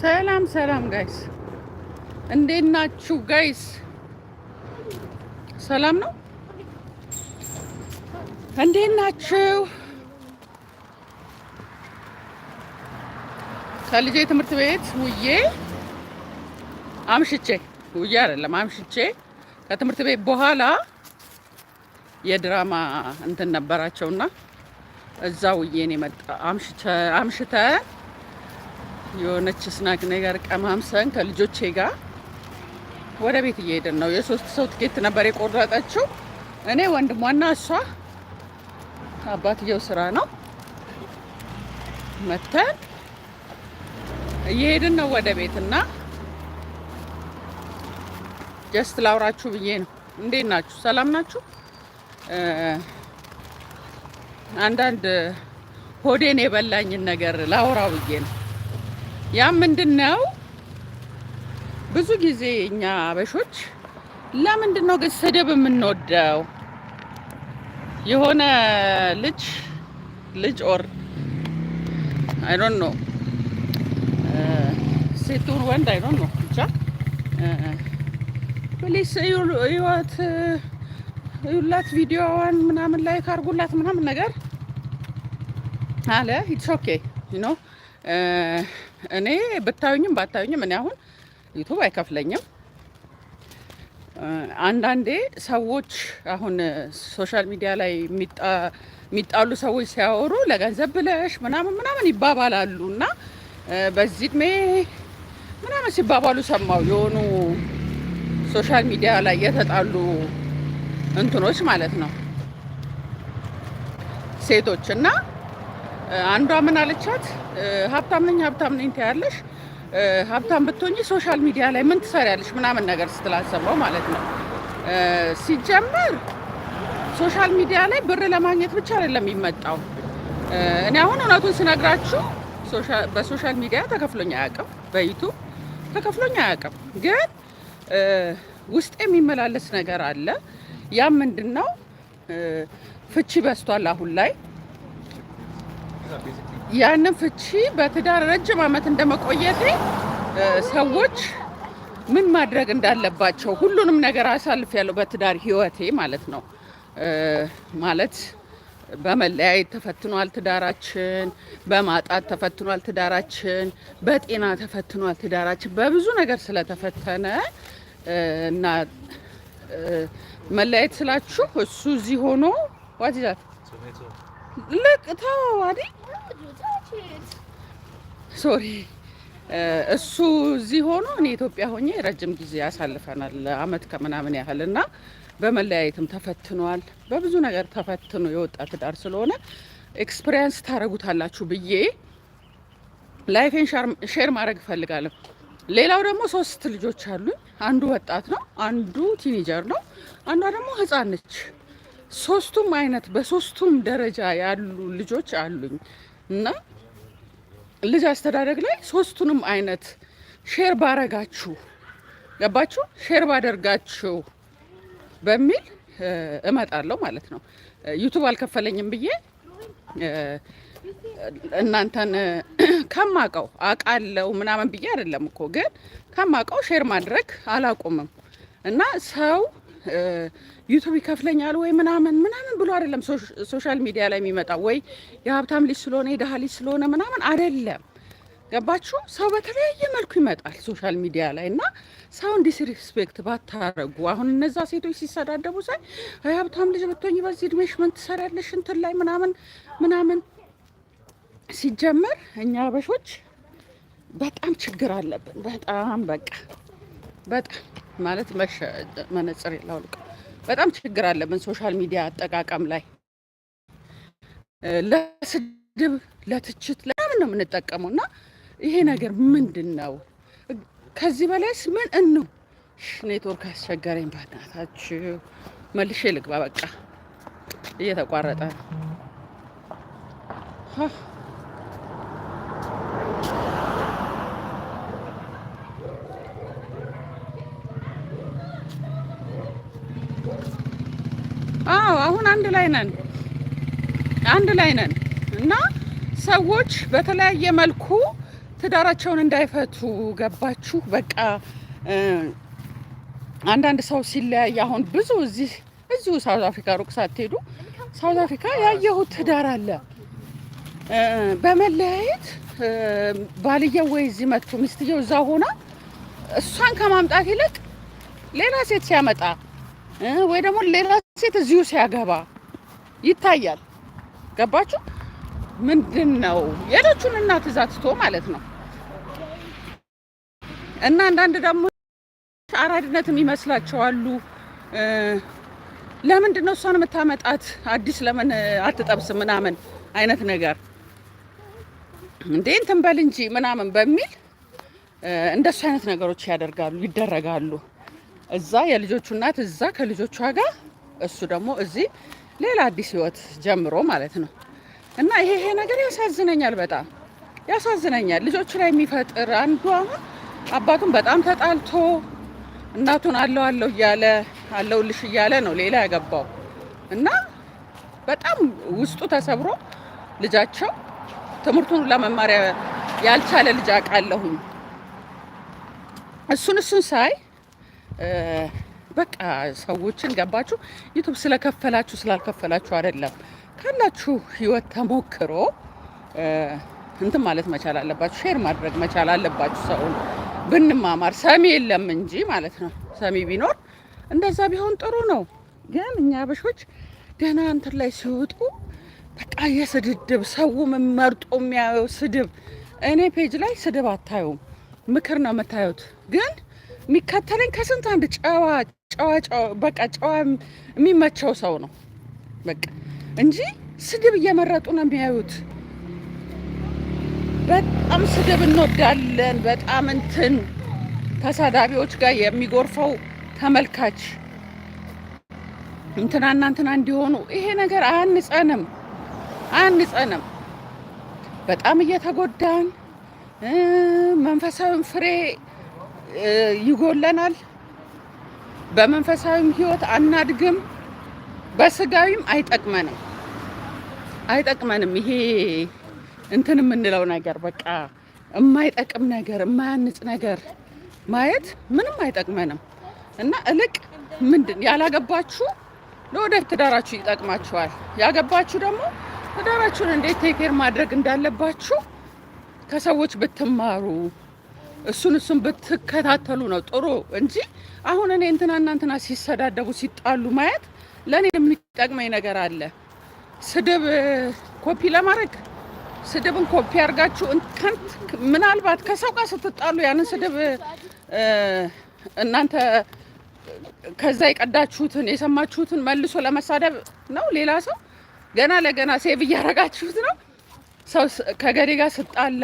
ሰላም ሰላም ጋይስ እንዴት ናችሁ ጋይስ? ሰላም ነው። እንዴት ናችሁ? ከልጄ ትምህርት ቤት ውዬ አምሽቼ ውዬ አይደለም አምሽቼ ከትምህርት ቤት በኋላ የድራማ እንትን ነበራቸውና እዛ ውዬን የመጣ አምሽተ የሆነች ስናክ ነገር ቀማምሰን ከልጆቼ ጋር ወደ ቤት እየሄድን ነው። የሶስት ሰው ትኬት ነበር የቆረጠችው። እኔ ወንድሟና እሷ፣ አባትየው ስራ ነው። መተን እየሄድን ነው ወደ ቤት እና ጀስት ላውራችሁ ብዬ ነው። እንዴት ናችሁ? ሰላም ናችሁ? አንዳንድ ሆዴን የበላኝን ነገር ላውራ ብዬ ነው። ያ ምንድን ነው? ብዙ ጊዜ እኛ አበሾች ለምንድን ነው ግን ስድብ የምንወደው? የሆነ ልጅ ልጅ ኦር አይ ዶንት ኖ ሴቱን ወንድ አይ ዶንት ኖ ብቻ ፕሊስ እዩት እዩላት ቪዲዮዋን ምናምን ላይክ አድርጉላት ምናምን ነገር አለ። ኢትስ ኦኬ ዩ ኖ እኔ ብታዩኝም ባታዩኝም እኔ አሁን ዩቱብ አይከፍለኝም። አንዳንዴ ሰዎች አሁን ሶሻል ሚዲያ ላይ የሚጣሉ ሰዎች ሲያወሩ ለገንዘብ ብለሽ ምናምን ምናምን ይባባላሉ እና በዚህ እድሜ ምናምን ሲባባሉ ሰማው የሆኑ ሶሻል ሚዲያ ላይ የተጣሉ እንትኖች ማለት ነው ሴቶች እና አንዷ ምን አለቻት? ሀብታም ነኝ ሀብታም ነኝ ትያለሽ፣ ሀብታም ብትሆኝ ሶሻል ሚዲያ ላይ ምን ትሰሪያለሽ? ምናምን ነገር ስትላሰማው ማለት ነው። ሲጀመር ሶሻል ሚዲያ ላይ ብር ለማግኘት ብቻ አይደለም የሚመጣው። እኔ አሁን እውነቱን ስነግራችሁ በሶሻል ሚዲያ ተከፍሎኝ አያውቅም፣ በዩቱብ ተከፍሎኝ አያውቅም። ግን ውስጥ የሚመላለስ ነገር አለ። ያ ምንድን ነው? ፍቺ በዝቷል አሁን ላይ ያንን ፍቺ በትዳር ረጅም ዓመት እንደመቆየቴ ሰዎች ምን ማድረግ እንዳለባቸው ሁሉንም ነገር አሳልፍ ያለው በትዳር ህይወቴ ማለት ነው። ማለት በመለያየት ተፈትኗል ትዳራችን፣ በማጣት ተፈትኗል ትዳራችን፣ በጤና ተፈትኗል ትዳራችን። በብዙ ነገር ስለተፈተነ እና መለያየት ስላችሁ እሱ እዚህ ሆኖ ዋት ይዛት ሶሪ እሱ እዚህ ሆኖ እኔ ኢትዮጵያ ሆኜ ረጅም ጊዜ ያሳልፈናል፣ አመት ከምናምን ያህል እና በመለያየትም ተፈትኗል። በብዙ ነገር ተፈትኖ የወጣ ትዳር ስለሆነ ኤክስፒሪየንስ ታደርጉታላችሁ ብዬ ላይፌን ሼር ማድረግ እፈልጋለሁ። ሌላው ደግሞ ሶስት ልጆች አሉኝ። አንዱ ወጣት ነው፣ አንዱ ቲኔጀር ነው፣ አንዷ ደግሞ ህፃን ነች። ሶስቱም አይነት በሶስቱም ደረጃ ያሉ ልጆች አሉኝ እና ልጅ አስተዳደግ ላይ ሶስቱንም አይነት ሼር ባረጋችሁ ገባችሁ ሼር ባደርጋችሁ በሚል እመጣለሁ ማለት ነው። ዩቱብ አልከፈለኝም ብዬ እናንተን ከማቀው አቃለው ምናምን ብዬ አይደለም እኮ ግን ከማቀው ሼር ማድረግ አላቁምም እና ሰው ዩቱብ ይከፍለኛል ወይ ምናምን ምናምን ብሎ አይደለም ሶሻል ሚዲያ ላይ የሚመጣው ወይ የሀብታም ልጅ ስለሆነ የድሃ ልጅ ስለሆነ ምናምን አይደለም። ገባችሁ? ሰው በተለያየ መልኩ ይመጣል ሶሻል ሚዲያ ላይ እና ሰውን ዲስሪስፔክት ባታረጉ። አሁን እነዛ ሴቶች ሲሰዳደቡ ሳይ ሀብታም ልጅ ብትሆኝ በዚህ እድሜሽ ምን ትሰሪያለሽ እንትን ላይ ምናምን ምናምን። ሲጀመር እኛ አበሾች በጣም ችግር አለብን። በጣም በቃ በጣም ማለት መነጽር ላውልቅ። በጣም ችግር አለብን ሶሻል ሚዲያ አጠቃቀም ላይ ለስድብ፣ ለትችት ለምን ነው የምንጠቀመው? እና ይሄ ነገር ምንድን ነው? ከዚህ በላይስ ምን እኑ ኔትወርክ አስቸገረኝ። በናታችሁ መልሼ ልግባ። በቃ እየተቋረጠ ነው። አዎ አሁን አንድ ላይ ነን፣ አንድ ላይ ነን እና ሰዎች በተለያየ መልኩ ትዳራቸውን እንዳይፈቱ ገባችሁ። በቃ አንዳንድ ሰው ሲለያይ አሁን ብዙ እዚህ እዚሁ ሳውዝ አፍሪካ ሩቅ ሳትሄዱ ሳውዝ አፍሪካ ያየሁት ትዳር አለ። በመለያየት ባልየው ወይ እዚህ መጥቶ ሚስትየው እዛ ሆና እሷን ከማምጣት ይልቅ ሌላ ሴት ሲያመጣ ወይ ደግሞ ሌላ ሴት እዚሁ ሲያገባ ይታያል። ገባችሁ? ምንድን ነው የልጁን እናት እዛ ትቶ ማለት ነው። እና አንዳንድ ደግሞ አራድነት ይመስላቸዋሉ። ለምንድን ነው እሷን የምታመጣት? አዲስ ለምን አትጠብስ ምናምን አይነት ነገር እንዴ እንትን በል እንጂ ምናምን በሚል እንደሱ አይነት ነገሮች ያደርጋሉ፣ ይደረጋሉ። እዛ የልጆቹ እናት እዛ ከልጆቿ ጋር እሱ ደግሞ እዚህ ሌላ አዲስ ህይወት ጀምሮ ማለት ነው። እና ይሄ ይሄ ነገር ያሳዝነኛል፣ በጣም ያሳዝነኛል። ልጆቹ ላይ የሚፈጥር አንዱ አሁን አባቱን በጣም ተጣልቶ እናቱን አለው አለው እያለ አለውልሽ እያለ ነው ሌላ ያገባው እና በጣም ውስጡ ተሰብሮ ልጃቸው ትምህርቱን ለመማር ያልቻለ ልጅ አውቃለሁኝ። እሱን እሱን ሳይ በቃ ሰዎችን ገባችሁ ዩቱብ ስለከፈላችሁ ስላልከፈላችሁ አይደለም። ካላችሁ ህይወት ተሞክሮ እንትን ማለት መቻል አለባችሁ። ሼር ማድረግ መቻል አለባችሁ። ሰውን ብንማማር ሰሚ የለም እንጂ ማለት ነው። ሰሚ ቢኖር እንደዛ ቢሆን ጥሩ ነው። ግን እኛ አበሾች ገና እንትን ላይ ሲወጡ በቃ የስድድብ ሰው መርጦ የሚያየው ስድብ። እኔ ፔጅ ላይ ስድብ አታዩም፣ ምክር ነው የምታዩት። ግን የሚከተለኝ ከስንት አንድ ጨዋ ጨዋ ጨዋ በቃ ጨዋ የሚመቸው ሰው ነው በቃ እንጂ ስድብ እየመረጡ ነው የሚያዩት። በጣም ስድብ እንወዳለን። በጣም እንትን ተሳዳቢዎች ጋር የሚጎርፈው ተመልካች እንትናና እንትና እንዲሆኑ ይሄ ነገር አንጸንም አንጸንም። በጣም እየተጎዳን መንፈሳዊ ፍሬ ይጎለናል። በመንፈሳዊም ህይወት አናድግም፣ በስጋዊም አይጠቅመንም አይጠቅመንም። ይሄ እንትን የምንለው ነገር በቃ የማይጠቅም ነገር የማያንጽ ነገር ማየት ምንም አይጠቅመንም እና እልቅ ምንድን ያላገባችሁ ለወደፊት ትዳራችሁ ይጠቅማችኋል። ያገባችሁ ደግሞ ትዳራችሁን እንዴት ቴኬር ማድረግ እንዳለባችሁ ከሰዎች ብትማሩ እሱን እሱን ብትከታተሉ ነው ጥሩ እንጂ አሁን እኔ እንትናና እንትና ሲሰዳደቡ ሲጣሉ ማየት ለእኔ የሚጠቅመኝ ነገር አለ። ስድብ ኮፒ ለማድረግ ስድብን ኮፒ አድርጋችሁ ከንት ምናልባት ከሰው ጋር ስትጣሉ ያንን ስድብ እናንተ ከዛ የቀዳችሁትን የሰማችሁትን መልሶ ለመሳደብ ነው። ሌላ ሰው ገና ለገና ሴብ እያረጋችሁት ነው። ሰው ከገዴ ጋር ስጣላ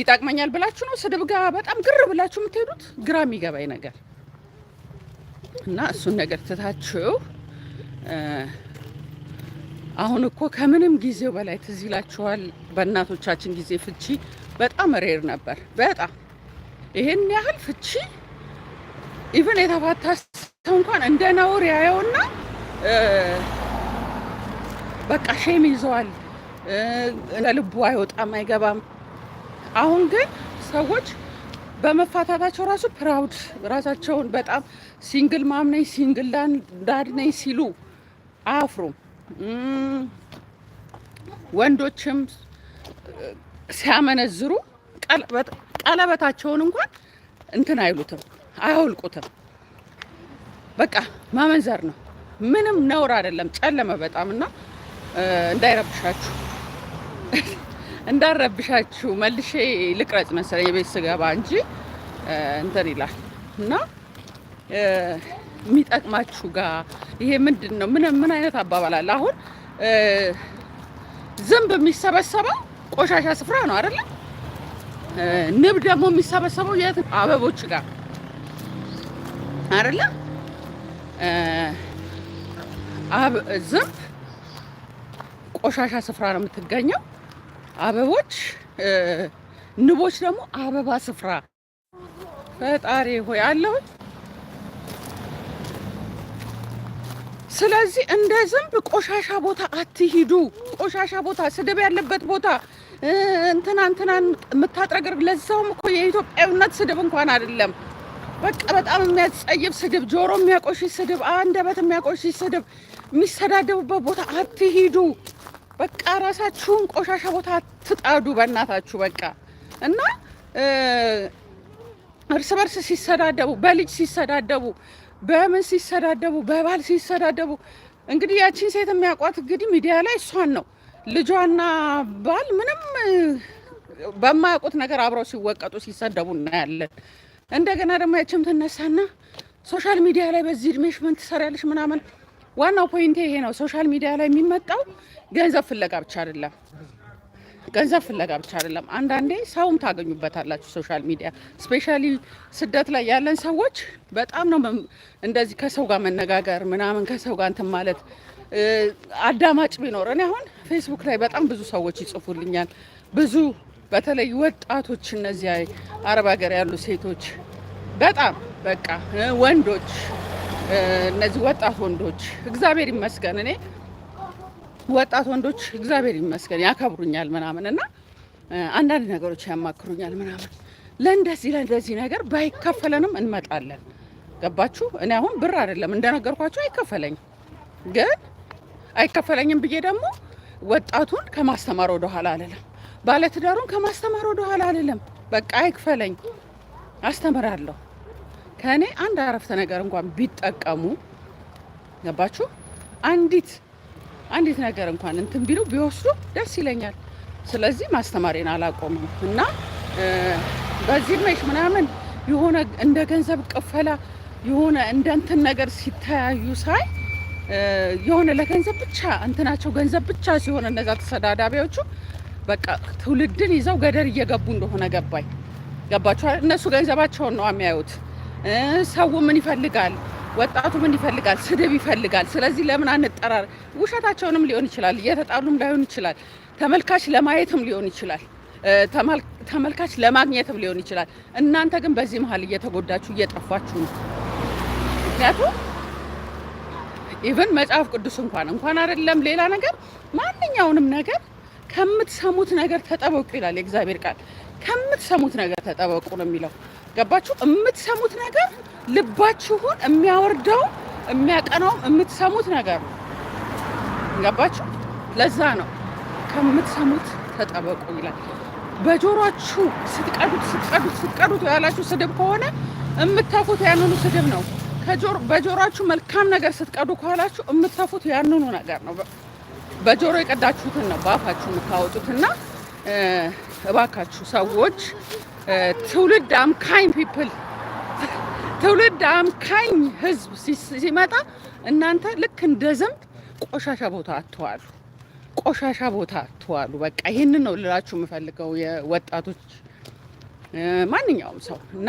ይጠቅመኛል ብላችሁ ነው ስድብ ጋ በጣም ግር ብላችሁ የምትሄዱት ግራ የሚገባኝ ነገር እና እሱን ነገር ትታችሁ አሁን እኮ ከምንም ጊዜው በላይ ትዝ ይላችኋል። በእናቶቻችን ጊዜ ፍቺ በጣም ሬር ነበር። በጣም ይሄን ያህል ፍቺ ኢቨን የተፋታ ሰው እንኳን እንደ ነውር ያየውና በቃ ሼም ይዘዋል፣ ለልቡ አይወጣም አይገባም አሁን ግን ሰዎች በመፋታታቸው ራሱ ፕራውድ ራሳቸውን በጣም ሲንግል ማም ነኝ ሲንግል ዳድ ነኝ ሲሉ አያፍሩም። ወንዶችም ሲያመነዝሩ ቀለበታቸውን እንኳን እንትን አይሉትም፣ አያውልቁትም። በቃ ማመንዘር ነው፣ ምንም ነውር አይደለም። ጨለመ በጣም እና እንዳይረብሻችሁ እንዳረብሻችሁ መልሼ ልቅረጽ መሰለኝ የቤት ስገባ እንጂ እንትን ይላል እና የሚጠቅማችሁ ጋር ይሄ ምንድን ነው? ምን ምን አይነት አባባል አለ? አሁን ዝንብ የሚሰበሰበው ቆሻሻ ስፍራ ነው አይደለም? ንብ ደግሞ የሚሰበሰበው የት? አበቦች ጋር አይደለም? ዝንብ ቆሻሻ ስፍራ ነው የምትገኘው። አበቦች ንቦች ደግሞ አበባ ስፍራ ፈጣሪ ሆይ አለሁ። ስለዚህ እንደ ዝንብ ቆሻሻ ቦታ አትሂዱ። ቆሻሻ ቦታ፣ ስድብ ያለበት ቦታ እንትና እንትናን የምታጥረግር ለዛውም እኮ የኢትዮጵያዊነት ስድብ እንኳን አይደለም። በቃ በጣም የሚያጸይብ ስድብ፣ ጆሮ የሚያቆሽሽ ስድብ፣ አንደበት የሚያቆሽሽ ስድብ፣ የሚሰዳደቡበት ቦታ አትሂዱ። በቃ ራሳችሁን ቆሻሻ ቦታ ትጣዱ በእናታችሁ። በቃ እና እርስ በርስ ሲሰዳደቡ፣ በልጅ ሲሰዳደቡ፣ በምን ሲሰዳደቡ፣ በባል ሲሰዳደቡ እንግዲህ ያቺን ሴት የሚያውቋት እንግዲህ ሚዲያ ላይ እሷን ነው። ልጇና ባል ምንም በማያውቁት ነገር አብረው ሲወቀጡ ሲሰደቡ እናያለን። እንደገና ደግሞ ያችም ትነሳና ሶሻል ሚዲያ ላይ በዚህ እድሜሽ ምን ትሰሪያለሽ ምናምን። ዋናው ፖይንቴ ይሄ ነው። ሶሻል ሚዲያ ላይ የሚመጣው ገንዘብ ፍለጋ ብቻ አይደለም ገንዘብ ፍለጋ ብቻ አይደለም። አንዳንዴ ሰውም ታገኙበታላችሁ። ሶሻል ሚዲያ ስፔሻሊ ስደት ላይ ያለን ሰዎች በጣም ነው እንደዚህ ከሰው ጋር መነጋገር ምናምን ከሰው ጋር እንትን ማለት አዳማጭ ቢኖር። እኔ አሁን ፌስቡክ ላይ በጣም ብዙ ሰዎች ይጽፉልኛል። ብዙ በተለይ ወጣቶች፣ እነዚህ አረብ ሀገር ያሉ ሴቶች በጣም በቃ ወንዶች፣ እነዚህ ወጣት ወንዶች እግዚአብሔር ይመስገን እኔ ወጣት ወንዶች እግዚአብሔር ይመስገን ያከብሩኛል ምናምን እና አንዳንድ ነገሮች ያማክሩኛል ምናምን። ለእንደዚህ ለእንደዚህ ነገር ባይከፈለንም እንመጣለን። ገባችሁ? እኔ አሁን ብር አይደለም እንደነገርኳችሁ አይከፈለኝም። ግን አይከፈለኝም ብዬ ደግሞ ወጣቱን ከማስተማር ወደኋላ አልልም። ባለትዳሩን ከማስተማር ወደኋላ አልልም። በቃ አይክፈለኝ አስተምራለሁ። ከእኔ አንድ አረፍተ ነገር እንኳን ቢጠቀሙ ገባችሁ? አንዲት አንዲት ነገር እንኳን እንትን ቢሉ ቢወስዱ ደስ ይለኛል። ስለዚህ ማስተማሪን አላቆምም እና በዚህ መሽ ምናምን የሆነ እንደ ገንዘብ ቅፈላ የሆነ እንደ እንትን ነገር ሲተያዩ ሳይ የሆነ ለገንዘብ ብቻ እንትናቸው ገንዘብ ብቻ ሲሆን እነዛ ተሰዳዳቢዎቹ በቃ ትውልድን ይዘው ገደር እየገቡ እንደሆነ ገባኝ። ገባችኋል? እነሱ ገንዘባቸውን ነው የሚያዩት። ሰው ምን ይፈልጋል ወጣቱ ምን ይፈልጋል? ስድብ ይፈልጋል። ስለዚህ ለምን አንጠራር? ውሸታቸውንም ሊሆን ይችላል፣ እየተጣሉም ላይሆን ይችላል፣ ተመልካች ለማየትም ሊሆን ይችላል፣ ተመልካች ለማግኘትም ሊሆን ይችላል። እናንተ ግን በዚህ መሀል እየተጎዳችሁ እየጠፋችሁ ነው። ምክንያቱም ኢቨን መጽሐፍ ቅዱስ እንኳን እንኳን አይደለም ሌላ ነገር ማንኛውንም ነገር ከምትሰሙት ነገር ተጠበቁ ይላል የእግዚአብሔር ቃል። ከምትሰሙት ነገር ተጠበቁ ነው የሚለው። ገባችሁ? የምትሰሙት ነገር ልባችሁን የሚያወርደው የሚያቀናው የምትሰሙት ነገር ነው። ገባችሁ? ለዛ ነው ከምትሰሙት ተጠበቁ ይላል። በጆሮችሁ ስትቀዱት ስትቀዱት ስትቀዱት ያላችሁ ስድብ ከሆነ የምትተፉት ያንኑ ስድብ ነው። በጆሮችሁ መልካም ነገር ስትቀዱ ከኋላችሁ የምትተፉት ያንኑ ነገር ነው። በጆሮ የቀዳችሁትን ነው በአፋችሁ የምታወጡትና እባካችሁ ሰዎች ትውልድ አምካኝ ፒፕል ትውልድ አምካኝ ህዝብ ሲመጣ እናንተ ልክ እንደ ዘንብ ቆሻሻ ቦታ አትዋሉ፣ ቆሻሻ ቦታ አትዋሉ። በቃ ይህን ነው ልላችሁ የምፈልገው የወጣቶች ማንኛውም ሰው እና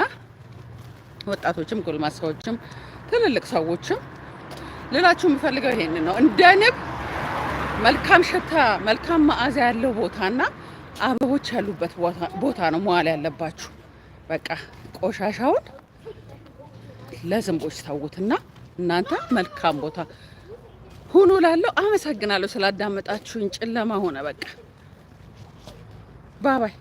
ወጣቶችም ጎልማሳዎችም ትልልቅ ሰዎችም ልላችሁ የምፈልገው ይህን ነው። እንደ ንብ መልካም ሽታ መልካም መዓዛ ያለው ቦታና አበቦች ያሉበት ቦታ ነው መዋል ያለባችሁ። በቃ ቆሻሻውን ለዝንቦች ታውትና እናንተ መልካም ቦታ ሁኑ። ላለው አመሰግናለሁ ስላዳመጣችሁኝ። ጨለማ ሆነ በቃ ባባይ